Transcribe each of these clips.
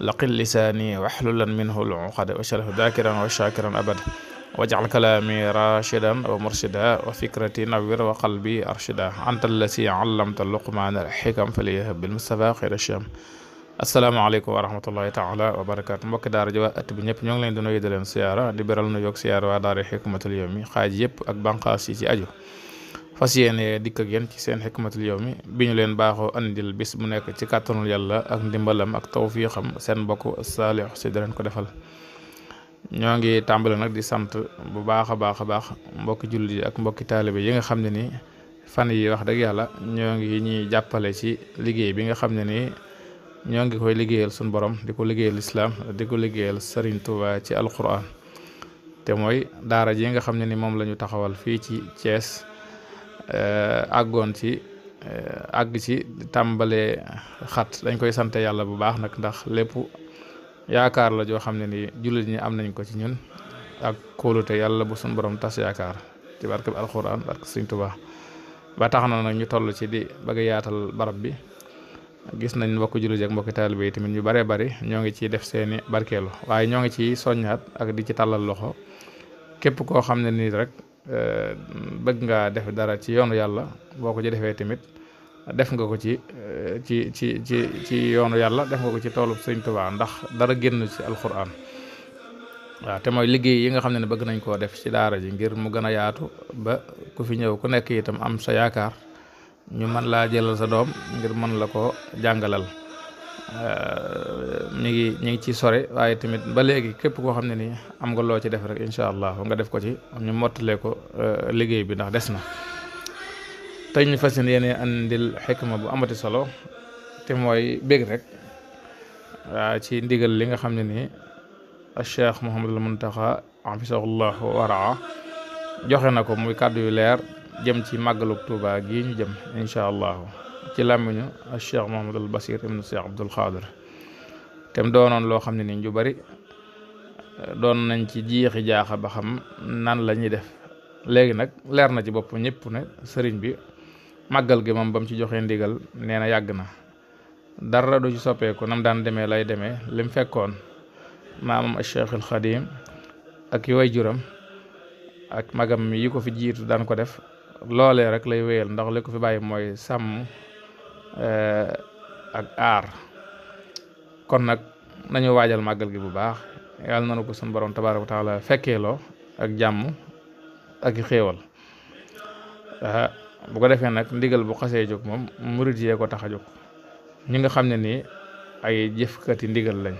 laqil lisaani waxlulan minhu luqad wachraf dakiran wa shakiran abad wajal kalaami rashidan wa murshida wa fikrati nawir wa qalbi arshida anta allati allamta luqmaana alxikam faliyahab bilmustafa xayra sham asalaamaaleykum wa rahmatullahi taala wa barakatu mbokki daara ji waa at bi ñëpp ñoo ngi leen di nuyu di leen siyaara di beral nu yoog siyaara waa daara xikmatul yawmi xaaj yëpp ak banqaas yi ci aju fas yéene dikk ak yéen ci seen xikmatul mi bi ñu leen baaxoo andil bis bu nekk ci kàttanul yàlla ak ndimbalam ak xam seen mbokk Saliou si daleen ko defal ñoo ngi tàmbale nag di sant bu baax a baax a baax mbokki jullit yi ak mbokki taalibe yi nga xam ne ni fan yi wax dëgg yàlla ñoo ngi ñuy jàppale ci liggéey bi nga xam ne ni ñoo ngi koy liggéeyal suñu borom di ko liggéeyal islaam di ko liggéeyal sëriñ Tuuba ci alquran te mooy daara ji nga xam ne ni moom la taxawal fii ci Thiès Eh, àggoon ci eh, àgg ci tàmbalee xat dañ koy sante yàlla bu baax nag ndax lépp yaakaar la joo xam ne ni jullit ñi am nañ ko ci ñun ak kóolute yàlla bu suñ borom tas yaakaar ci barkeb alxuraan barke Sëriñ Tuubaa ba tax na nag ñu toll ci di bëgg yaatal barab bi gis nañ mbokk jullit ak mbokki taalibe yi tamit ñu baree bari ñoo ngi ciy def seeni barkeelu waaye ñoo ngi ciy soññaat ak di ci tàllal loxo képp koo xam ne nii rek bëgg nga def dara ci yoonu yàlla boo ko ci defee tamit def nga ko ci eh, ci ci ci ci yoonu yàlla def nga ko ci toolu Sëriñ Tuubaa ndax dara génn ci alxuraan waaw te mooy liggéey yi nga xam ne bëgg nañ koo def ci daara ji ngir mu gën a yaatu ba ku fi ñëw ku nekk itam am sa yaakaar ñu mën laa jëlal sa doom ngir mën la ko jàngalal Euh, ñu ngi ñu ngi ci sore waaye tamit ba léegi képp koo xam ne nii am nga loo ci def rek incha allah nga def ko ci ñu mottalee ko euh, liggéey bi ndax des na te ñu fas yéene andil ma bu amati solo te mooy bég rek ci ndigal li nga xam ne nii Cheikh Mouhamadul Muntaxa afisahullah waraa joxe na ko muy kàddu yu leer jëm ci màggalu Tuuba gi ñu jëm incha allah ci làmmiñu Cheikh Mouhamadul Basir ibnu Cheikh Abdul Xaadir tem doonoon loo xam ne ni yu bari doon nañ ci jiixi jaaxa ba xam nan lañuy def léegi nag leer na ci bopp ñépp ne sëriñ bi màggal gi moom ba ci joxe ndigal nee na yàgg na dara du ci soppeeku nam daan demee lay demee lim fekkoon maamam Cheikhul Xadim ak yi way juram ak magam yi ko fi jiitu daan ko def loolee rek lay wéyal ndax li ko fi bàyyi mooy sàmm Eh, ak aar kon nag nañu waajal màggal gi bu baax yàlla na nu ko suñu borom tabaaraka wa taala fekkeeloo ak jàmm ak xéewal eh, bu ko defee nag ndigal bu xasee jóg moom murit yee ko tax a jóg ñi nga xam ne nii ay jëfkati ndigal lañ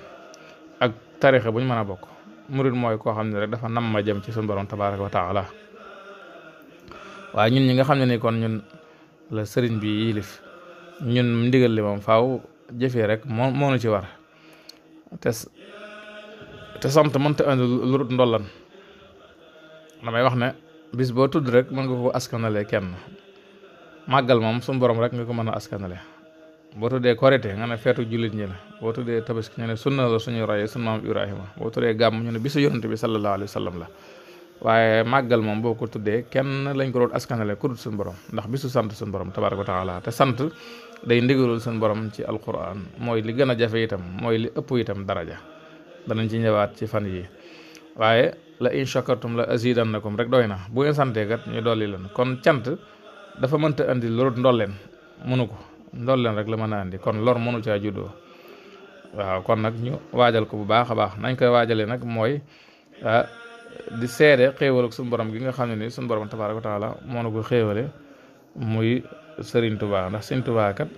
ak tarixa bu ñu mën a bokk murit mooy koo xam ne rek dafa nam ma jëm ci suñu borom tabaaraka wa taala waaye ñun ñi nga xam ne nii kon ñun la sëriñ bi yilif ñun ndigal li moom faaw jëfee rek moo moo nu ci war te te sant mënta indi lu rut ndollan damay wax ne bis boo tudd rek mën nga ko askanale kenn màggal moom suñu borom rek nga ko mën a askanale boo tuddee korite nga ne feetu jullit ñi la boo tuddee tabaski ñu ne sunna la suñu royee sunu maam Ibrahima boo tuddee gàmm ñu ne bisu yonante bi sallallahu alayhi wa sallam la waaye màggal moom boo ko tuddee kenn lañ ko doon askanale ku dul suñu borom ndax bisu sant suñ borom tabaaraka ko taala te sant day ndigalul suñu borom ci alquran mooy li gën a jafe itam mooy li ëpp itam daraja danañ ci ñëwaat ci fan yi waaye la in shakartum la na azidannakum rek doy na bu ngeen santee kat ñu dolli leen kon cant dafa mënta andi lorut ndolleen mënu ko ndolleen rek la mën a indi kon lor mënu caa juddoo waaw kon nag ñu waajal ko bu baax a baax nañ koy waajalee nag mooy ah, di seede xéewal ak suñu borom gi nga xam ne ni suñu borom tabaaraka wa taala moo na ko xéewale muy Serigne Touba ndax Serigne Touba kat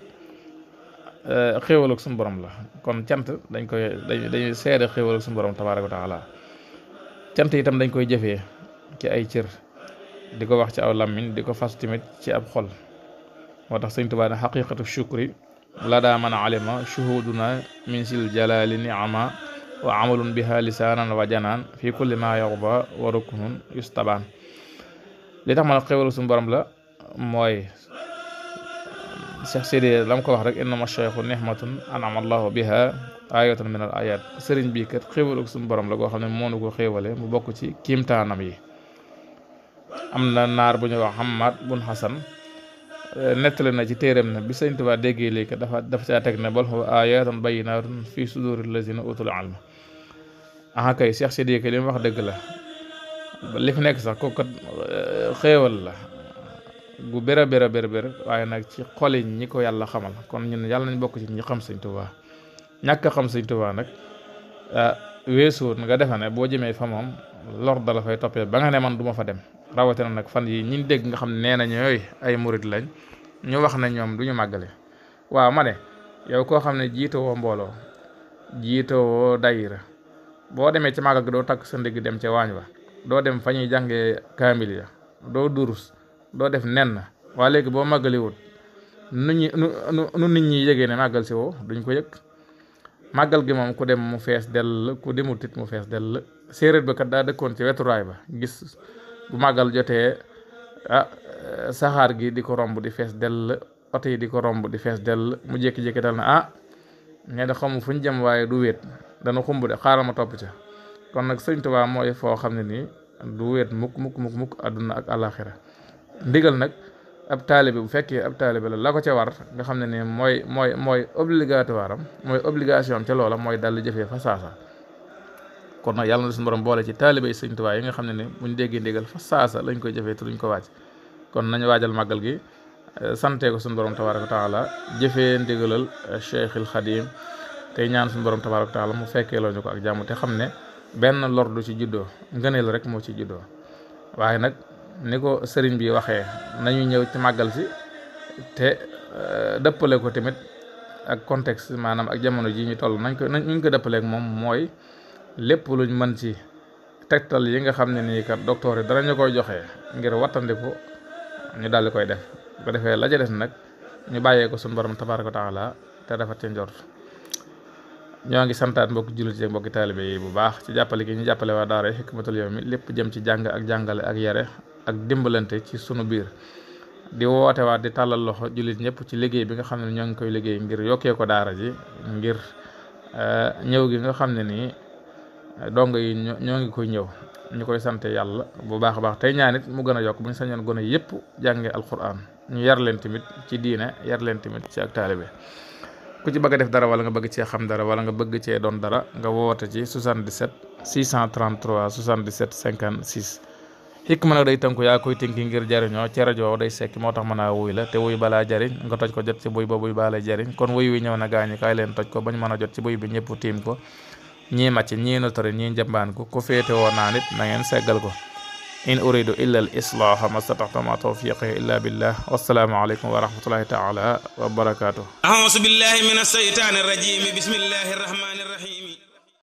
eh, xéewal ak borom la kon cant dañ koy dañ dañuy seede xéewal ak suñu borom tabaaraka cant itam dañ koy jëfee ci ay cër di ko wax ci aw làmmiñ di ko fas tamit ci ab xol moo tax Serigne Touba ne xaqiqatu shukri la daa alima shuhuduna min sil jalali niama waa amalun biha lisaanan wa janaan fi kulli ma yarda wa ruknun yustabaan li tax ma ne la mooy Cheikh Sidi la mu ko wax rek innama cheikhu nihmatun anama allahu biha ayatan min al ayat sëriñ bii kat xéwalu suñu borom la goo xam ne moonu ko xéwale mu bokk ci kiimtaanam yi am na naar bu ñu wax Hamad bun Hasan nettali na ci téeram ne bi Sëriñ Tuubaa déggee léegi dafa dafa caa teg ne bal huwa ayatun bayyinatun fi suduri lazina ah kay Cheikh Sidiye li mu wax dëgg la li fi nekk sax kooku kat eh, xéewal la gu béra béra béra béra waaye nag ci xoli ñi ko yàlla xamal kon ñun yàlla nañ bokk ci ñi xam sëñ Tuubaa ñàkk xam sëñ Tuubaa nag eh, weesuwut nga defe ne boo jëmee fa moom lor da fay toppee ba nga ne man duma fa dem rawatina nag fan yi ñi dégg nga xam nee na ñooy ay murit lañ ñu wax na ñoom du ñu màggale waaw ma ne yow koo xam ne jiitoo mbooloo jiitoo woo dayira boo demee ci màggal gi doo takk sa ndigg dem ca waañ wa doo dem fa ñuy jànge kaamil ya doo durus doo def nen na waa léegi boo màggaliwut nu ñi nu nu nit ñi yëgee ne màggal si woo duñ ko yëg màggal gi moom ku dem mu fees dell ku demul tit mu fees dell séeréer ba kat daa dëkkoon ci wetu raay ba gis bu màggal jotee a ah, eh, saxaar gi di ko romb di fees dell oto yi di ko romb di fees dell mu jékki-jékki dal na ah ne xamu fu ñu jëm waaye du wéet dana xumb de xaaral ma topp ca kon nag sëñ Tuubaa mooy foo xam ne nii du wéet mukk mukk mukk mukk àdduna ak àllaaxira ndigal nag ab taalibe bu fekkee ab taalibe la la ko ca war nga xam ne nii mooy mooy mooy obligatoire am mooy obligation am ca loola mooy dal jëfee fa saasa kon nag yàlla na suñu borom boole ci taalibe yi sëñ Tuubaa yi nga xam ne ni buñ déggee ndigal fa saasa lañ koy jëfee te duñ ko wàcc kon nañu waajal màggal gi eh, santee ko suñ borom tabaaraka wa taala jëfee ndigalal eh, Cheikhul Xadim tey ñaan suñu borom tabaaraka taala mu fekkee loo ñu ko ak jàmm te xam ne benn lor du ci juddoo ngëneel rek moo ci juddoo waaye nag ni ko sëriñ bi waxee nañu ñëw ci màggal si te euh, dëppale ko tamit ak contexte maanaam ak jamono ji ñu toll nañ ko nañ ñu ko dëppaleek moom mooy lépp luñ mën ci tegtal yi nga xam ne nii kat docteur yi dara ñu koy joxee ngir wattandiku ñu daal di koy def bu defee la ca des nag ñu bàyyee ko suñu borom tabaaraka taala te dafa ci njort ñoo ngi santaat mbokki jullit yi ak mbokki taalibe yi bu baax ci jàppale gi ñu jàppale waa daara Hikmatul mi lépp jëm ci jàng ak jàngale ak yare ak dimbalante ci sunu biir di woote waat di tàllal loxo jullit ñëpp ci liggéey bi nga xam ne ñoo ngi koy liggéey ngir yokkee ko daara ji ngir eh, ñëw gi nga xam ne nii eh, dong yi ñoo ngi koy ñëw ñu koy sante yàlla bu baax a baax tey ñaan it mu gën a yokk mu ñu sañoon gone yëpp jànge alxuraan ñu yar leen tamit ci diine yar leen timit ci ak taalibe ku ci bëgg def dara wala nga bëgg cee xam dara wala nga bëgg cee doon dara nga woote ci 77 633 77 56. xikma nag day tënku yaa koy tënki ngir jariñoo ci rajo day sekki moo tax mën a wuy la te wuy balaa jariñ nga toj ko jot ci buy ba buy baa jariñ kon wuy wi ñëw na gaañi kaay leen toj ko bañ mën a jot ci buy bi ñëpp tiim ko ñii màcc ñii notari ñii njambaan ko ku féete woon naa nit na ngeen seggal ko in uridu illa al islaha mastataxta ma tawfiqi illa billah wassalaamu aleykum wa rahmatullahi taala wa barakatuh auzu billahi min asheytaani rajim bismillahi rahmani rahim